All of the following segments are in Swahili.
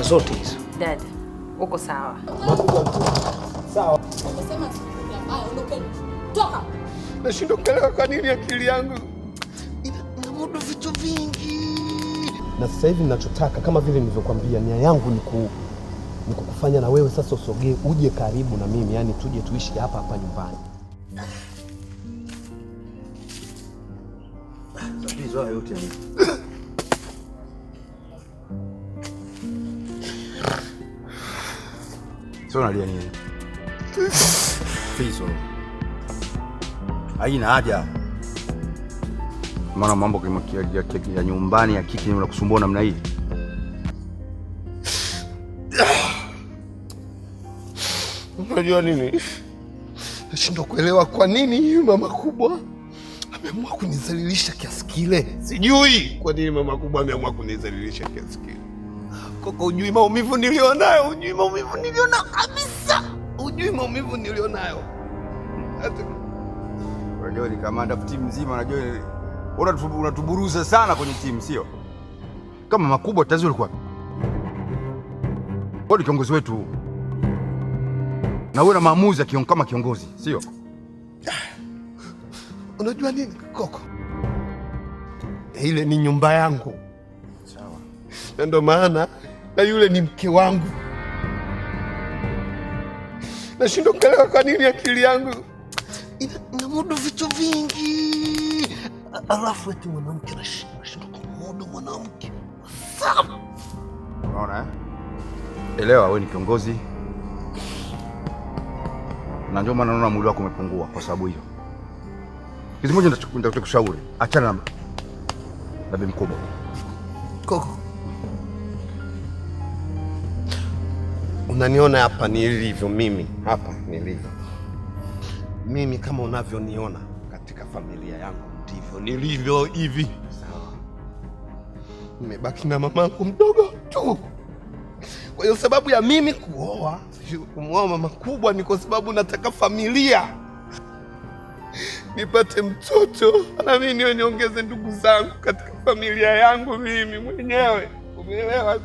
aina zote hizo. Dad, uko sawa. Sawa. Ah, Toka. Nashindwa kuelewa kwa nini akili yangu inamudu vitu vingi. Na sasa hivi ninachotaka kama vile nilivyokuambia, nia yangu ni ku ni kukufanya na wewe sasa usogee uje karibu na mimi, yaani tuje tuishi hapa hapa nyumbani. Ah, Sio unalia nini? Fizo. Haina haja. Maana mambo ya nyumbani ya kiki nakusumbua namna hii. Unajua nini? Nashindwa kuelewa kwa nini huyu mama kubwa ameamua kunizalilisha kiasi kile. Sijui kwa nini mama kubwa ameamua kunizalilisha kiasi kile. Koko, ujui maumivu nilionayo, ujui maumivu nilionayo kabisa, ujui maumivu nilionayo. Unajua ni kamanda timu nzima, unajua unatuburuza sana kwenye timu, sio kama makubwa tazi. Ulikuwa ni kiongozi wetu na wewe na maamuzi kion, kama kiongozi sio? Unajua nini Koko, ile ni nyumba yangu, sawa, na ndio maana na yule ni mke wangu. Nashindwa kuelewa kwa nini akili yangu ina mudu vitu vingi, alafu eti mwanamke nashindwa kumudu mwanamke. Unaona, eh? elewa we ni kiongozi, na ndio maana naona mwili wako umepungua kwa sababu hiyo. Kitu kimoja nitakushauri, achana na bibi mkubwa Koko. unaniona hapa nilivyo mimi, hapa nilivyo mimi, kama unavyoniona katika familia yangu ndivyo nilivyo hivi. Sawa, nimebaki na mamangu mdogo tu. Kwa hiyo sababu ya mimi kuoa kumwoa mama kubwa ni kwa sababu nataka familia nipate mtoto na mimi niwe niongeze ndugu zangu katika familia yangu mimi mwenyewe, umeelewa?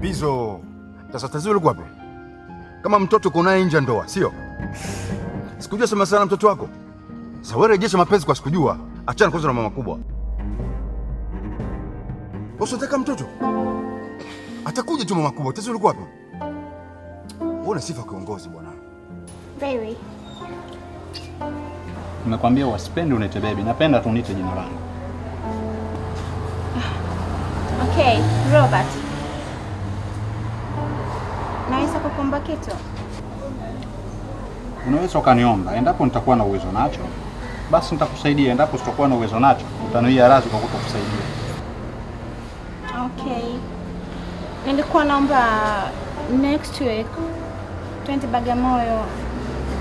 Bizo, sasa tatizo liko wapi? Kama mtoto uko naye nje ndoa, sio? Sikujua sema sana mtoto wako. Sasa wewe rejesha mapenzi kwa sikujua. Achana kwanza na mama kubwa. Usitaka mtoto? Atakuja tu mama kubwa. Tatizo liko wapi? Wewe una sifa kiongozi bwana. Very. Nimekwambia wasipende unite baby. Napenda tu unite jina langu. Okay, Robert naweza kukuomba kitu? Unaweza ukaniomba, endapo nitakuwa na uwezo nacho basi nitakusaidia, endapo sitakuwa na uwezo nacho utanuia radhi kwa kutokusaidia. Okay, nilikuwa naomba next week twende Bagamoyo,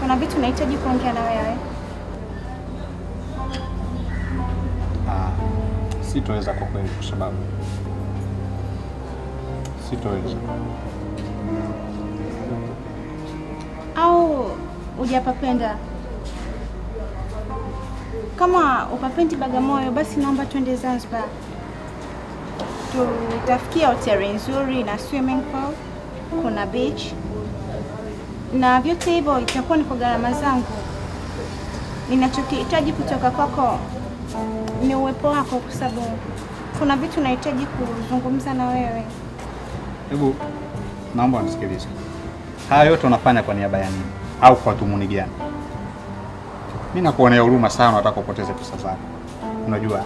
kuna vitu nahitaji kuongea na wewe. Ah, sitoweza kwa kweli, kwa sababu sitoweza au hujapapenda? Kama upapendi Bagamoyo, basi naomba twende Zanzibar, tutafikia hoteli nzuri na swimming pool, kuna beach na vyote hivyo itakuwa ni kwa gharama zangu. Ninachokihitaji kutoka kwako ni uwepo wako, kwa sababu kuna vitu nahitaji kuzungumza na wewe. Hebu naomba nisikilize. Haya yote unafanya kwa niaba ya nini au kwa dhumuni gani? Mi nakuonea huruma sana, nataka upoteze pesa zako. Unajua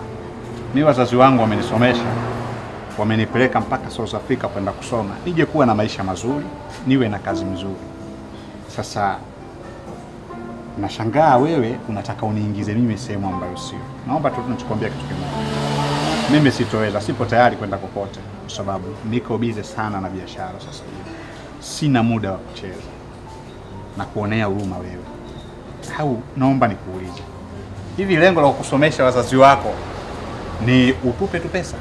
mi wazazi wangu wamenisomesha, wamenipeleka mpaka South Africa kwenda kusoma, nije kuwa na maisha mazuri, niwe na kazi mzuri. Sasa nashangaa wewe unataka uniingize mimi sehemu ambayo sio. Naomba tu tunachokuambia kitu kimoja, mimi sitoweza, sipo tayari kwenda kokote, kwa sababu niko bize sana na biashara sasa hivi sina muda wa kucheza na kuonea huruma wewe. Au naomba nikuulize, hivi lengo la kukusomesha wazazi wako ni utupe tu pesa?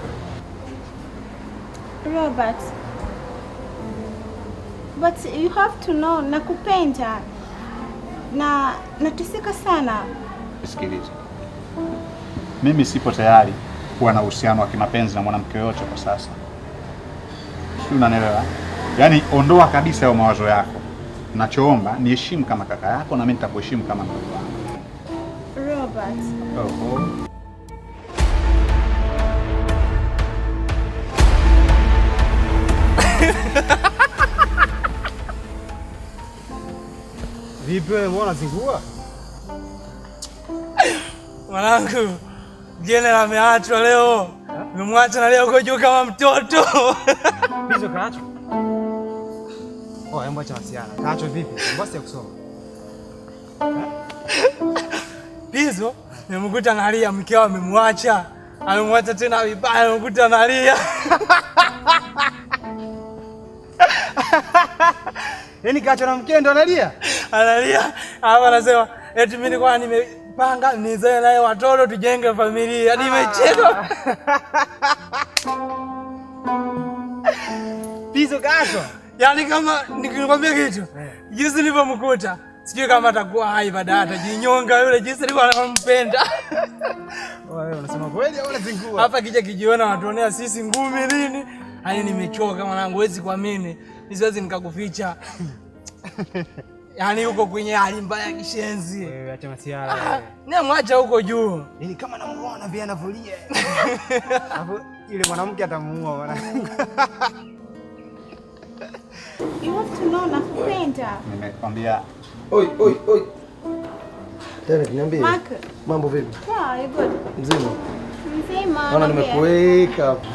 Robert, but you have to know, nakupenda na nateseka sana. Sikiliza, mimi sipo tayari kuwa na uhusiano wa kimapenzi na mwanamke yoyote kwa sasa, si unanielewa? Yaani ondoa kabisa hayo mawazo yako. Nachoomba ni heshimu kama kaka yako na mimi nitakuheshimu kama ndugu yako. Robert. Oh. Vipi wewe mbona zingua? Mwanangu, jene la meachwa leo. Nimemwacha na leo uko juu kama mtoto. Hizo kaachwa. Mambo acha wasiana. Kaacho vipi? Mbona si kusoma? Bizo, eh? nimekuta nalia mkeo amemwacha. Amemwacha tena vibaya, nimekuta nalia. Yaani kaacho na mkeo ndo analia? Analia. Hapa anasema eti mimi nilikuwa nimepanga nizae naye watoto tujenge familia. Yaani imechelewa. Bizo ah. kaacho. Yaani kama nikikwambia kitu eh. jinsi nilivyomkuta sijui kama atakuwa hai baada baadaye atajinyonga yule jinsi alivyo anampenda. Wewe unasema kweli au unazingua? Hapa kija kijiona watuonea sisi ngumi nini? Hani nimechoka mwanangu, wezi kuamini. Siwezi nikakuficha. Yaani uko kwenye hali mbaya kishenzi. Wewe acha masiara. Ah, mwacha huko juu. Nini kama namuona vile anavulia. Alafu yule mwanamke atamuua mwanangu. You have to know nakupenda. Nimekwambia. Oi, oi, oi. Tena niambie. Mark. Mambo vipi? Yeah, you good. Mzima. Mzima. Naona nimekuweka hapa.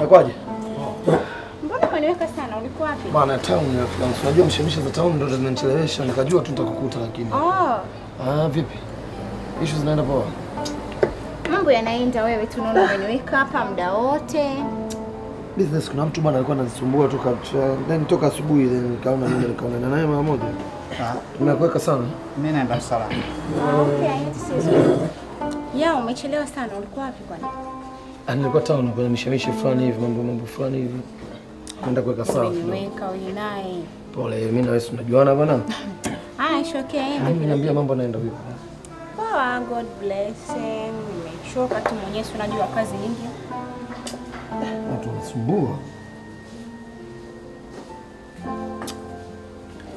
Nakwaje? umeniweka sana? Ulikuwa wapi? Bana town ya France. Unajua mshemisha za town ndio zinanichelewesha. Nikajua tu nitakukuta lakini. Oh. Ah, vipi? Ishu zinaenda poa? Mambo yanaenda, wewe tunaona umeniweka hapa muda wote business kuna mtu bwana alikuwa ananisumbua toka then toka asubuhi then nikaona mimi nikaona na naye mara moja. Ah, Tumekuweka sana. Mimi naenda sala. Okay, yeah, umechelewa sana. Ulikuwa wapi kwani? Ani ah, nilikuwa town kwa mishemishe fulani hivi mambo mambo fulani hivi. Kwenda kuweka sala. Nimeweka wewe naye. Pole, mimi na wewe tunajuana bwana. Ah, it's okay. Ah, mimi niambia mambo naenda vipi? Poa, God bless. Nimechoka tu mwenyewe, unajua kazi nyingi. Watu wanasumbua.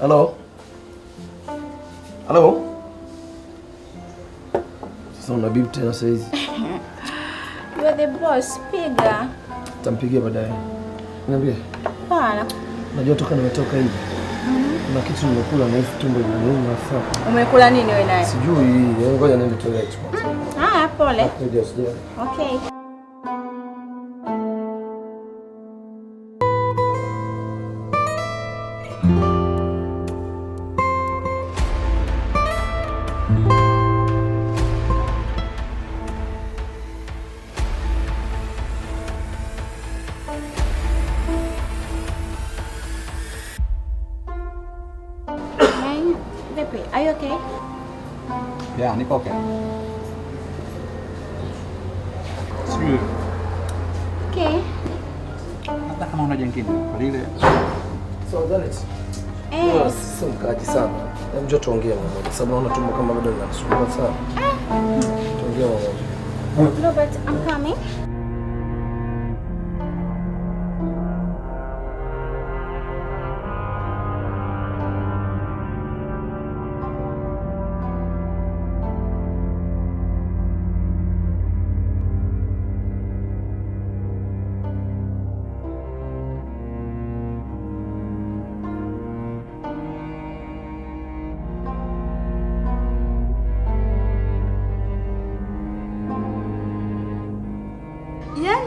Halo. Halo. Sasa una bibi tena sasa You are the boss, piga. Tampigia baadaye. Niambie. Bana. Najua toka nimetoka hivi. Mhm. Kuna kitu nimekula na hivi tumbo linauma sasa. Umekula nini wewe naye? Sijui, ngoja niende toilet kwanza. Mm. Ah, pole. Okay. jengine lile. So eh. mkaaji sana. Hebu njoo tuongee mmoja, sababu naona tumbo kama bado linasumbua sana. Eh. Tuongee mmoja. Robert, I'm coming.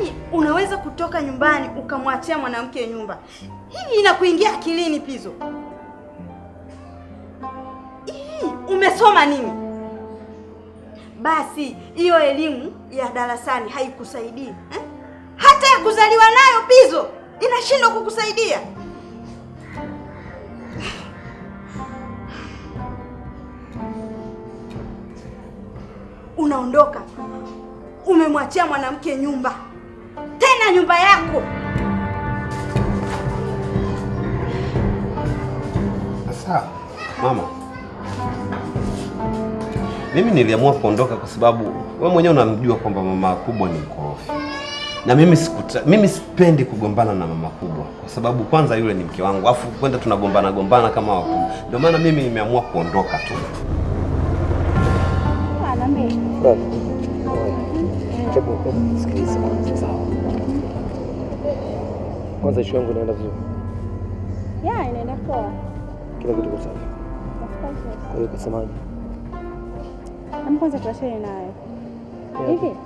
Yaani unaweza kutoka nyumbani ukamwachia mwanamke nyumba hii inakuingia akilini Pizzo? Hii umesoma nini? Basi hiyo elimu ya darasani haikusaidii eh? Hata ya kuzaliwa nayo pizo inashindwa kukusaidia. Unaondoka umemwachia mwanamke nyumba na nyumba yako. Sasa mama, mimi niliamua kuondoka kwa sababu wewe mwenyewe unamjua kwamba mama kubwa ni mkorofi, na mimi sikuta, mimi sipendi kugombana na mama kubwa kwa sababu kwanza yule ni mke wangu, afu kwenda tunagombana gombana kama waku. Ndio maana mimi nimeamua kuondoka tu. Sikiliza. Kwanza ishu yangu inaenda vizuri? Ya, inaenda poa. Kila kitu kwa sawa. Kwa hiyo kasemaje? Am, kwanza tuachane nayo. Hivi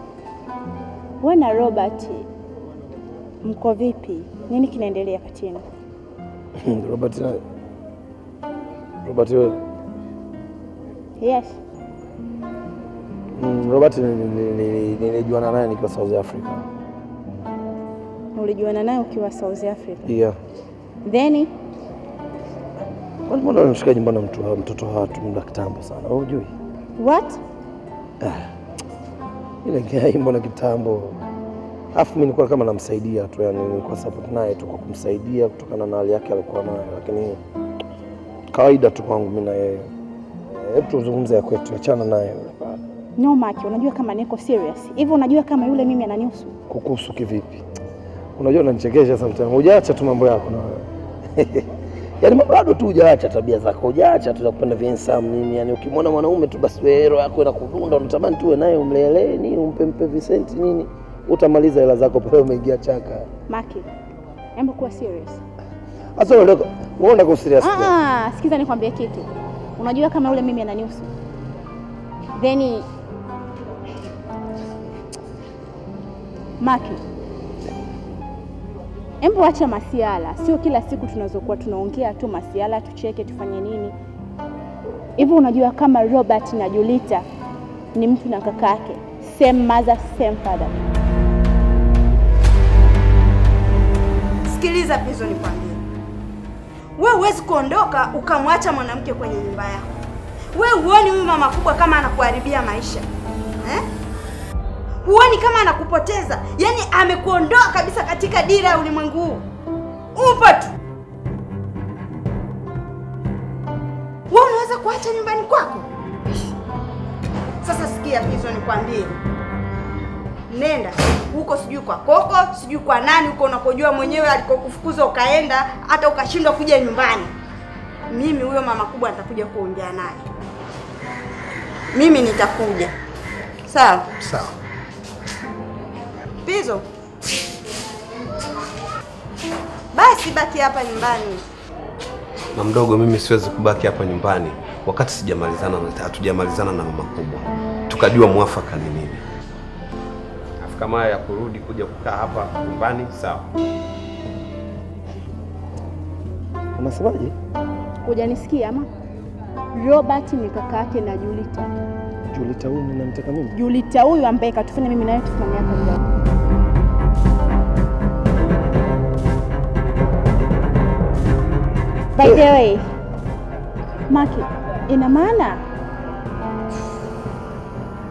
wewe na Robert mko vipi? Nini kinaendelea kati yenu? Robert na Robert wewe? Yes. Mm, Robert nilijuana naye nikiwa South Africa ulijuana naye ukiwa South Africa? Yeah. Then mbona mshikaji, mbona mtoto watu muda kitambo sana, hujui what? Ah, ile gari mbona kitambo. Afu mimi nilikuwa kama namsaidia tu, yani nilikuwa support naye tu kwa kumsaidia kutokana na hali yake alikuwa nayo, lakini kawaida tu kwangu mimi na yeye. Hebu tuzungumze ya kwetu, achana naye. No Maki, unajua kama niko serious hivyo, unajua kama yule mimi ananihusu. Kukuhusu kivipi? Unajua unanichekesha sometimes, hujaacha tu mambo yako na wewe yani bado tu hujaacha tabia zako, hujaacha tu kupenda viensam nini. Yani ukimwona mwanaume tu basi wewe yako yako inakudunda, unatamani tu naye umlelee nini, umpe mpe visenti nini, utamaliza hela zako pale umeingia chaka. Maki, hebu kuwa serious sasa. Wewe wewe kwa serious? Ah, ah, sikiza nikwambie kitu. Unajua kama yule mimi ananiusu then Maki Hebu acha masiala, sio kila siku tunazokuwa tunaongea tu masiala, tucheke tufanye nini hivyo. Unajua kama Robert na Julita ni mtu na kakake, same mother same father. Sikiliza Pizzo, nikwambie, wewe huwezi kuondoka ukamwacha mwanamke kwenye nyumba yako. Wewe huoni huyu mama kubwa kama anakuharibia maisha eh? huoni kama anakupoteza? Yaani amekuondoa kabisa katika dira ya ulimwengu huu, upo tu wewe. Unaweza kuacha nyumbani kwako? Sasa sikia hizo, nikwambie, nenda huko, sijui kwa koko, sijui kwa nani huko unakojua mwenyewe alikokufukuza ukaenda, hata ukashindwa kuja nyumbani. Mimi huyo mama kubwa nitakuja kuongea naye, mimi nitakuja. Sawa sawa. Likizo basi baki hapa nyumbani. Na mdogo, mimi siwezi kubaki hapa nyumbani wakati sijamalizana, na hatujamalizana na mama kubwa tukajua mwafaka ni nini. Afika maya ya kurudi kuja kukaa hapa nyumbani, sawa. Unasemaje? Hujanisikia ama? Robert ni kaka yake na Julita. Julita huyu ninamtaka mimi? Julita huyu ambaye katufanya mimi na yeye tufanye hapa nyumbani. By the eh. way, Maki, ina maana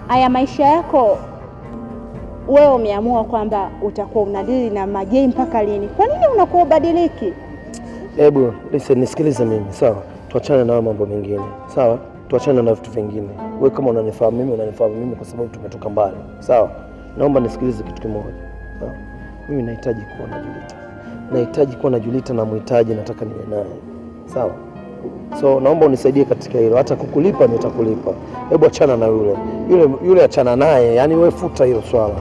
haya maisha yako wewe umeamua kwamba utakuwa unadili na Majei mpaka lini? Kwa nini unakuwa ubadiliki? Hebu listen, nisikilize mimi sawa, tuachane na mambo mengine sawa, tuachane na vitu vingine. Wewe kama unanifahamu mimi, unanifahamu mimi kwa sababu tumetoka mbali sawa. Naomba nisikilize kitu kimoja mimi nahitaji kuwa na Julita, nahitaji kuwa na Julita, namhitaji, nataka niwe naye sawa. So naomba unisaidie katika hilo, hata kukulipa nitakulipa. Hebu achana na yule yule yule, achana naye, yaani wewe futa hilo swala.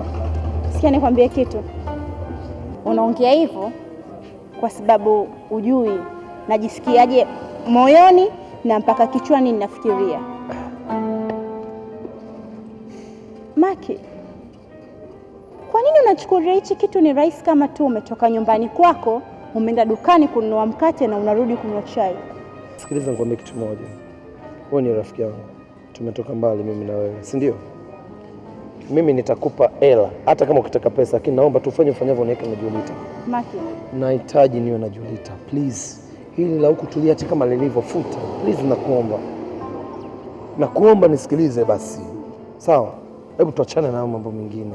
Sikia nikwambie kitu, unaongea hivyo kwa sababu ujui najisikiaje moyoni na mpaka kichwani ninafikiria Maki, kwa nini unachukulia hichi kitu ni rahisi kama tu umetoka nyumbani kwako umeenda dukani kununua mkate na unarudi kunywa chai. Sikiliza nikwambie kitu moja, wewe ni rafiki yangu, tumetoka mbali mimi na wewe, si ndio? Mimi nitakupa hela hata kama ukitaka pesa, lakini naomba tufanye ufanyavyo, niweke na Julita. Maki, nahitaji niwe na Julita please. Hili la huku tuliache kama lilivyofuta please, nakuomba, nakuomba nisikilize basi, sawa? Hebu tuachane na mambo mengine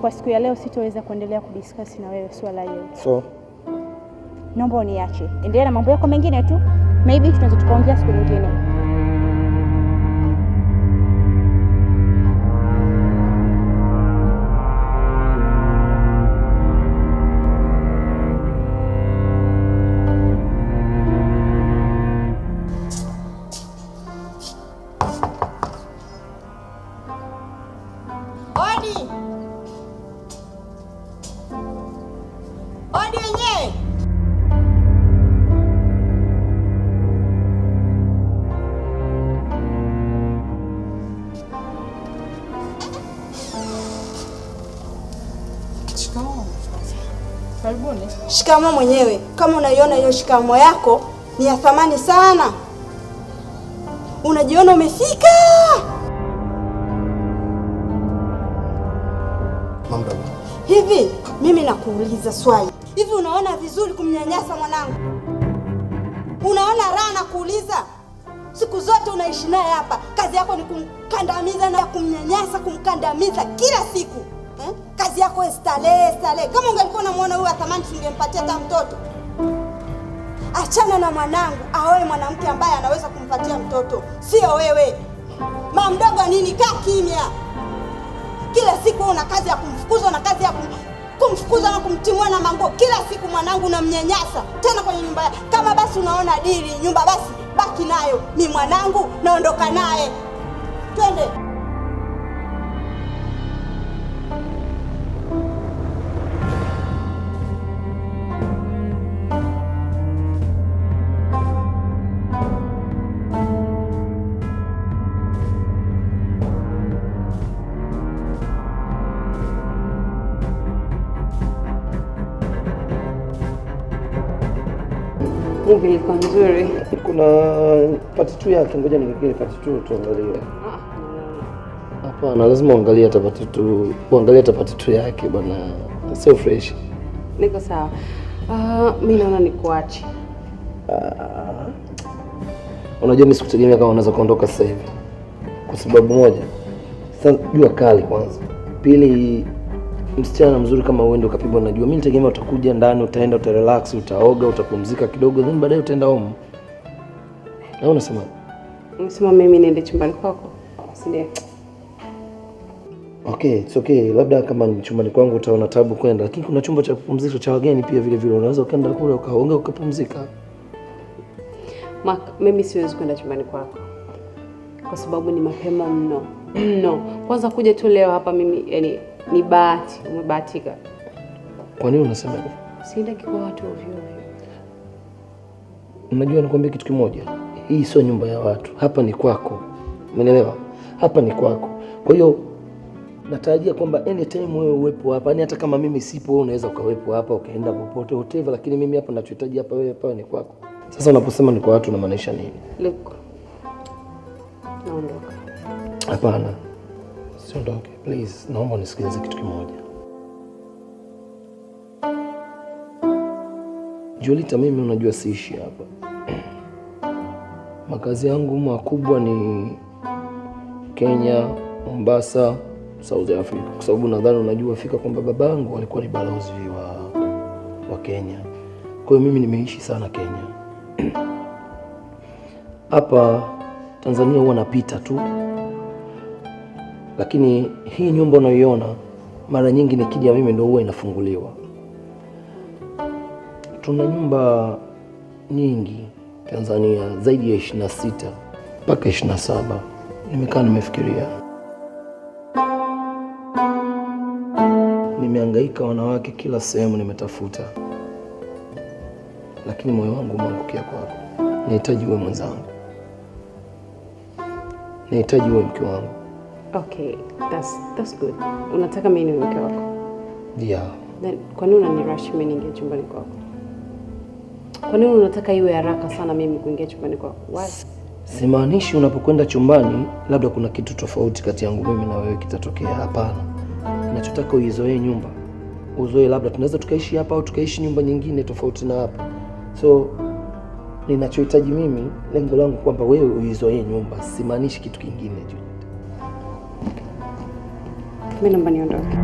kwa siku ya leo. Sitoweza kuendelea kudiskasi na wewe swala hilo, so naomba uniache, endelea na mambo yako mengine tu, maybe tunaweza tukaongea siku nyingine. shikamo mwenyewe. Kama unaiona hiyo shikamo yako ni ya thamani sana, unajiona umefika. Hivi mimi nakuuliza swali, hivi unaona vizuri kumnyanyasa mwanangu? Unaona raha na kuuliza siku zote unaishi naye hapa, kazi yako ni kumkandamiza na kumnyanyasa, kumkandamiza kila siku eh? kazi yako starehe starehe. Kama ungelikuwa unamwona huyu athamani, tungempatia hata mtoto. Achana na mwanangu, aoe mwanamke ambaye anaweza kumpatia mtoto, sio wewe. Mama mdogo nini? Kaa kimya. Kila siku una kazi ya kumfukuza na kazi ya kum, kumfukuza na kumtimua na mango. Kila siku mwanangu unamnyanyasa tena kwenye nyumba Kama basi unaona dili nyumba, basi baki nayo. Ni mwanangu, naondoka naye, twende. movie nzuri. Kuna uh, part 2 yake, ngoja niangalie part 2 tuangalie. Ah, Hapana, lazima uangalie hata pati tu, uangalie hata pati tu yake bwana. Sio fresh. Niko sawa. Uh, ah, mimi naona nikuache. Uh, ah, unajua mimi sikutegemea kama unaweza kuondoka sasa hivi, kwa sababu moja, jua kali kwanza, pili msichana mzuri kama uende ukapigwa na jua, mimi nitegemea utakuja ndani, utaenda, uta relax, utaoga, utapumzika kidogo, then baadaye utaenda home. Na unasema unasema mimi niende chumbani kwako, si ndio? Okay, it's okay. Labda kama ni chumbani kwangu utaona tabu kwenda, lakini kuna chumba cha kupumzika cha wageni pia vile vile, unaweza ukaenda kule ukaoga ukapumzika. Mark, mimi siwezi kwenda chumbani kwako kwa sababu ni mapema mno mno. Kwanza kuja tu leo hapa mimi yani ni bahati, umebahatika. Kwa nini unasema hivyo? Sindaki kwa watu ovyo ovyo. Unajua, nakwambia kitu kimoja, hii sio nyumba ya watu. Hapa ni kwako, umeelewa? Hapa ni kwako. Kwa hiyo natarajia kwamba anytime wewe uwepo hapa, yani hata kama mimi sipo, wewe unaweza ukawepo hapa ukaenda popote whatever, lakini mimi hapa ninachohitaji hapa, wewe hapa ni kwako. Sasa unaposema ni kwa watu unamaanisha nini? Look. Naondoka. Hapana usiondoke please, naomba unisikilize kitu kimoja. julita mimi unajua siishi hapa makazi yangu makubwa ni Kenya, Mombasa, South Africa, kwa sababu nadhani unajua fika kwamba babangu alikuwa ni balozi wa, wa Kenya. Kwa hiyo mimi nimeishi sana Kenya. Hapa Tanzania huwa napita tu lakini hii nyumba unayoiona mara nyingi nikija mimi ndio huwa inafunguliwa. Tuna nyumba nyingi Tanzania zaidi ya 26 mpaka 27. Nimekaa nimefikiria, nimehangaika wanawake kila sehemu nimetafuta, lakini moyo wangu umeangukia kwako. Nahitaji uwe mwenzangu, nahitaji uwe mke wangu. Okay, that's that's good. Unataka mimi niwe mke wako? Yeah. Then kwa nini unanirush mimi niingie chumbani kwako? Kwa nini unataka iwe haraka sana mimi kuingia chumbani kwako? Why? Simaanishi unapokwenda chumbani labda kuna kitu tofauti kati yangu mimi na wewe kitatokea. Hapana, nachotaka uizoee nyumba, uzoee labda tunaweza tukaishi hapa au tukaishi nyumba nyingine tofauti na hapa. So ninachohitaji mimi, lengo langu kwamba wewe uizoee nyumba, simaanishi kitu kingine juu mimi naomba niondoke.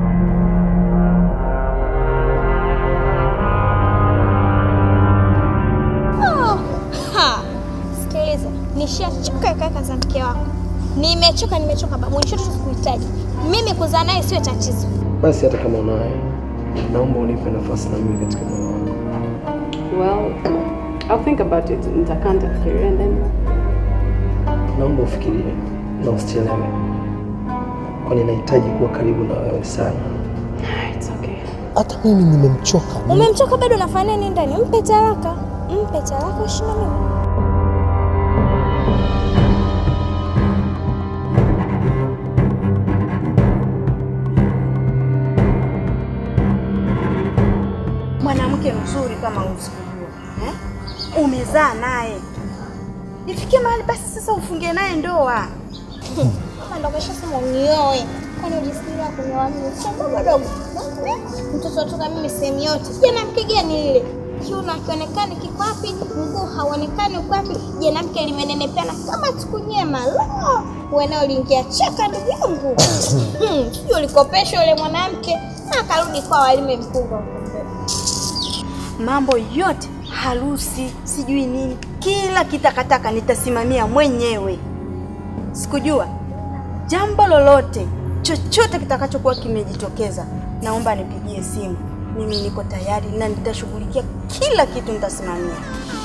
Oh, Sikiliza, nishachoka kaka za mke wako. Nimechoka, nimechoka babu, nishoto sikuhitaji mimi. Kuzaa naye sio tatizo. Basi hata kama unaye, naomba unipe nafasi na mimi katika moyo wako. Well, I'll think about it. Nitakaa nitafikiria, naomba ufikirie na usichelewe kwa ninahitaji kuwa karibu na wewe sana. It's okay. Hata mimi nimemchoka. Umemchoka bado unafanya nini ndani? Mpe talaka. Mpe talaka shina mimi. Mwanamke mzuri kama usikujua. Eh? Umezaa naye. Ifikie mahali basi sasa ufunge naye ndoa. kanda, umeshasema unioe. Kwani ujisikia kunioa mimi? Sababu dogo. Mtoto toka mimi sehemu yote. Jana mpigia ni ile. Kiuno akionekana kiko wapi, mguu hauonekani uko wapi. Jana mke limenenepeana kama siku nyema. Lo. Wewe uliingia chaka ndugu yangu. Hmm, ulikopesha yule mwanamke na akarudi kwa walime mkubwa. Mambo yote harusi, sijui nini, kila kitakataka nitasimamia mwenyewe. Sikujua jambo lolote chochote kitakachokuwa kimejitokeza, naomba nipigie simu. Mimi niko tayari na nitashughulikia kila kitu, nitasimamia.